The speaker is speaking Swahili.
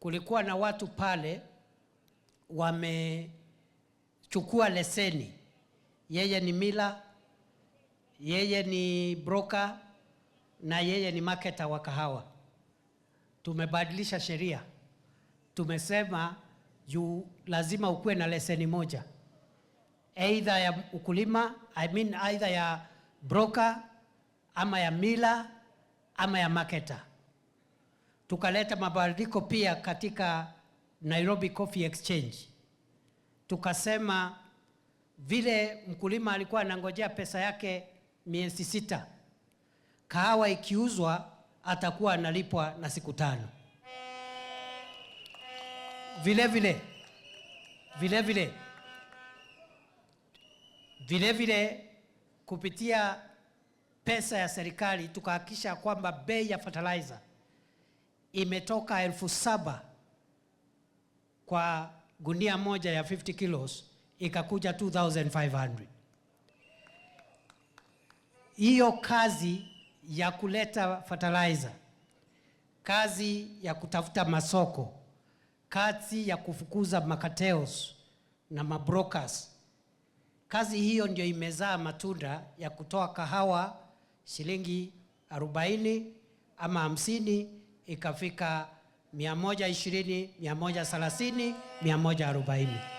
kulikuwa na watu pale wamechukua leseni. Yeye ni mila, yeye ni broker na yeye ni marketer wa kahawa. Tumebadilisha sheria, tumesema juu lazima ukuwe na leseni moja aidha ya ukulima I mean, aidha ya broker ama ya mila ama ya marketer tukaleta mabadiliko pia katika Nairobi Coffee Exchange. Tukasema vile mkulima alikuwa anangojea pesa yake miezi sita, kahawa ikiuzwa atakuwa analipwa na siku tano. Vile vile vile vile vile vile kupitia pesa ya serikali tukahakikisha kwamba bei ya fertilizer imetoka elfu saba kwa gunia moja ya 50 kilos ikakuja 2500. Hiyo kazi ya kuleta fertilizer, kazi ya kutafuta masoko, kazi ya kufukuza makateos na mabrokers, kazi hiyo ndio imezaa matunda ya kutoa kahawa shilingi 40 ama hamsini ikafika 120, 130, 140.